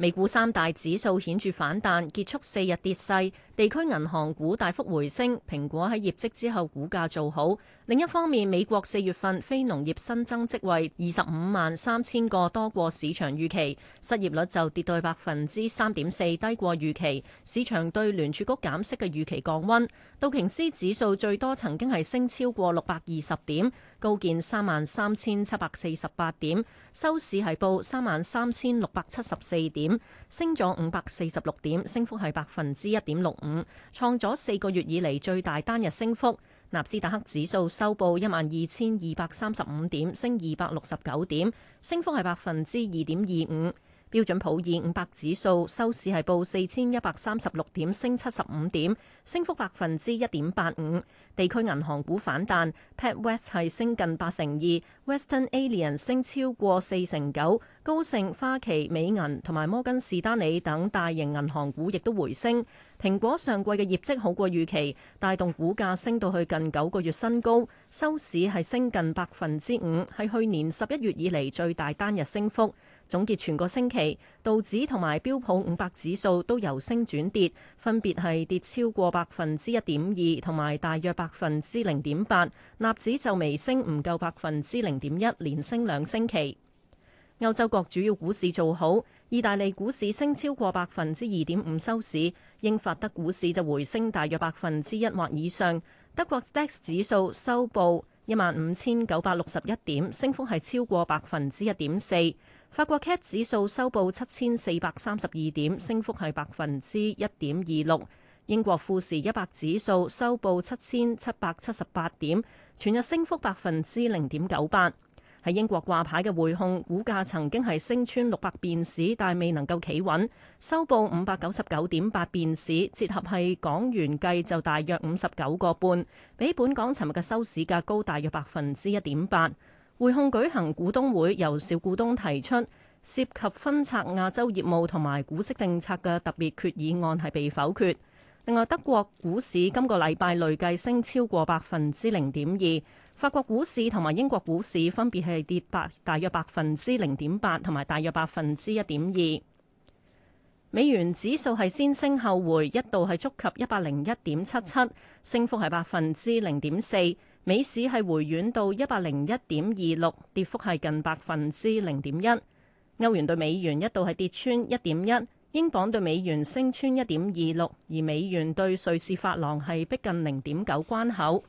美股三大指數顯著反彈，結束四日跌勢。地區銀行股大幅回升，蘋果喺業績之後股價做好。另一方面，美國四月份非農業新增職位二十五萬三千個，多過市場預期，失業率就跌到百分之三點四，低過預期。市場對聯儲局減息嘅預期降溫。道瓊斯指數最多曾經係升超過六百二十點，高見三萬三千七百四十八點，收市係報三萬三千六百七十四點。升咗五百四十六點，升幅係百分之一點六五，創咗四個月以嚟最大單日升幅。納斯達克指數收報一萬二千二百三十五點，升二百六十九點，升幅係百分之二點二五。標準普爾五百指數收市係報四千一百三十六點，升七十五點，升幅百分之一點八五。地區銀行股反彈，Pet West 係升近八成二，Western Alien 升超過四成九，高盛、花旗、美銀同埋摩根士丹利等大型銀行股亦都回升。蘋果上季嘅業績好過預期，帶動股價升到去近九個月新高，收市係升近百分之五，係去年十一月以嚟最大單日升幅。總結全個星期，道指同埋標普五百指數都由升轉跌，分別係跌超過百分之一點二，同埋大約百分之零點八。納指就微升，唔夠百分之零點一，連升兩星期。歐洲各主要股市做好，意大利股市升超過百分之二點五收市，英法德股市就回升大約百分之一或以上。德國 DAX 指數收報一萬五千九百六十一點，升幅係超過百分之一點四。法國 CAC 指數收報七千四百三十二點，升幅係百分之一點二六。英國富時一百指數收報七千七百七十八點，全日升幅百分之零點九八。喺英國掛牌嘅匯控股價曾經係升穿六百便士，但係未能夠企穩，收報五百九十九點八便士，折合係港元計就大約五十九個半，比本港尋日嘅收市價高大約百分之一點八。匯控舉行股東會，由小股東提出涉及分拆亞洲業務同埋股息政策嘅特別決議案係被否決。另外，德國股市今個禮拜累計升超過百分之零點二，法國股市同埋英國股市分別係跌百大約百分之零點八同埋大約百分之一點二。美元指數係先升後回，一度係觸及一百零一點七七，升幅係百分之零點四。美市係回軟到一百零一點二六，跌幅係近百分之零點一。歐元對美元一度係跌穿一點一，英鎊對美元升穿一點二六，而美元對瑞士法郎係逼近零點九關口。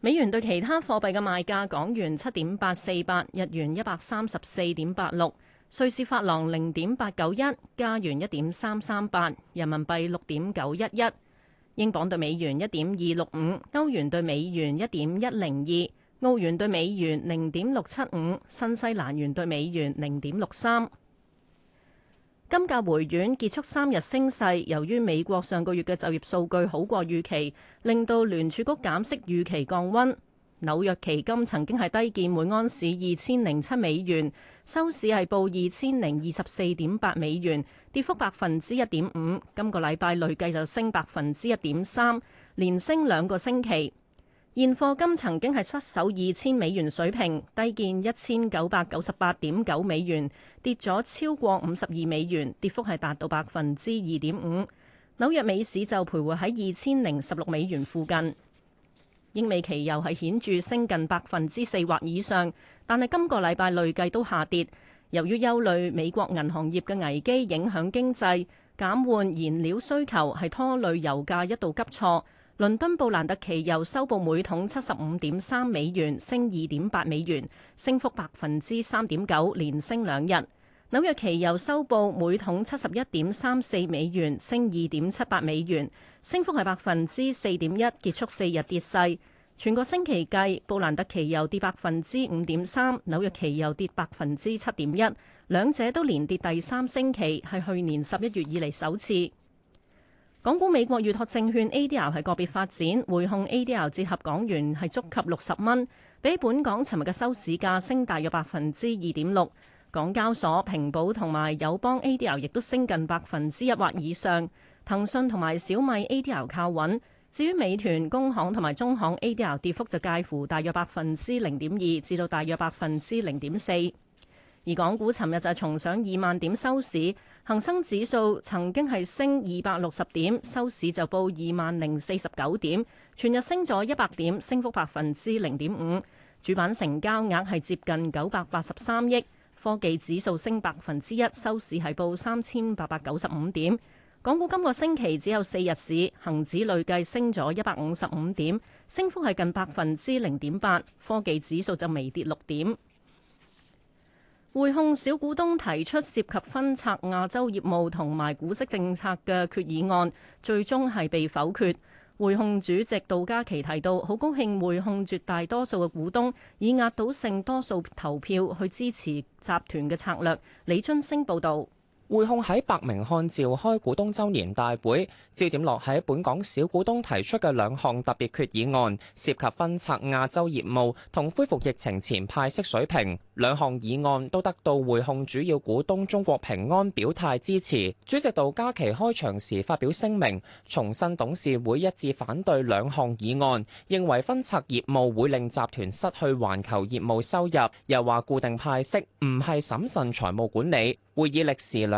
美元對其他貨幣嘅賣價：港元七點八四八，日元一百三十四點八六，瑞士法郎零點八九一，加元一點三三八，人民幣六點九一一。英鎊兌美元一點二六五，歐元兌美元一點一零二，澳元兌美元零點六七五，新西蘭元兌美元零點六三。金價回軟，結束三日升勢。由於美國上個月嘅就業數據好過預期，令到聯儲局減息預期降溫。紐約期金曾經係低見每安士二千零七美元，收市係報二千零二十四點八美元，跌幅百分之一點五。今個禮拜累計就升百分之一點三，連升兩個星期。現貨金曾經係失守二千美元水平，低見一千九百九十八點九美元，跌咗超過五十二美元，跌幅係達到百分之二點五。紐約美市就徘徊喺二千零十六美元附近。英美期油係顯著升近百分之四或以上，但係今個禮拜累計都下跌。由於憂慮美國銀行業嘅危機影響經濟，減緩燃料需求係拖累油價一度急挫。倫敦布蘭特期油收報每桶七十五點三美元，升二點八美元，升幅百分之三點九，連升兩日。紐約期油收報每桶七十一點三四美元，升二點七八美元，升幅係百分之四點一，結束四日跌勢。全個星期計，布蘭特期油跌百分之五點三，紐約期油跌百分之七點一，兩者都連跌第三星期，係去年十一月以嚟首次。港股美國預託證券 ADR 係個別發展，匯控 ADR 折合港元係觸及六十蚊，比本港尋日嘅收市價升大約百分之二點六。港交所、平保同埋友邦 ADR 亦都升近百分之一或以上，騰訊同埋小米 ADR 靠穩。至於美團、工行同埋中行 ADR 跌幅就介乎大約百分之零點二至到大約百分之零點四，而港股尋日就係重上二萬點收市，恒生指數曾經係升二百六十點，收市就報二萬零四十九點，全日升咗一百點，升幅百分之零點五，主板成交額係接近九百八十三億，科技指數升百分之一，收市係報三千八百九十五點。港股今個星期只有四日市，恒指累計升咗一百五十五點，升幅係近百分之零點八。科技指數就微跌六點。匯控小股東提出涉及分拆亞洲業務同埋股息政策嘅決議案，最終係被否決。匯控主席杜嘉琪提到，好高興匯控絕大多數嘅股東以壓倒性多數投票去支持集團嘅策略。李春升報導。匯控喺伯明翰召開股東周年大會，焦點落喺本港小股東提出嘅兩項特別決議案，涉及分拆亞洲業務同恢復疫情前派息水平。兩項議案都得到匯控主要股東中國平安表態支持。主席杜嘉祺開場時發表聲明，重申董事會一致反對兩項議案，認為分拆業務會令集團失去環球業務收入，又話固定派息唔係審慎財務管理。會議歷時兩。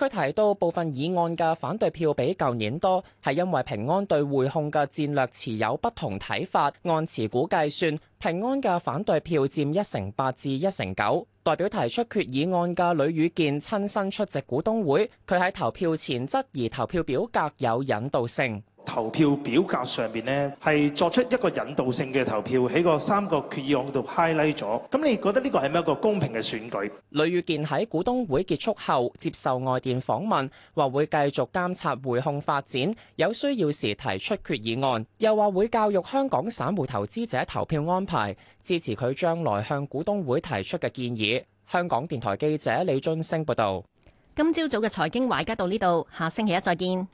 佢提到部分議案嘅反對票比舊年多，係因為平安對匯控嘅戰略持有不同睇法。按持股計算，平安嘅反對票佔一成八至一成九。代表提出決議案嘅呂宇健親身出席股東會，佢喺投票前質疑投票表格有引導性。投票表格上面呢，係作出一個引導性嘅投票，喺個三個決議案度 highlight 咗。咁你覺得呢個係咪一個公平嘅選舉？呂宇健喺股東會結束後接受外電訪問話會繼續監察匯控發展，有需要時提出決議案，又話會教育香港散戶投資者投票安排，支持佢將來向股東會提出嘅建議，香港電台記者李津升報道，今朝早嘅財經華爾街到呢度，下星期一再見。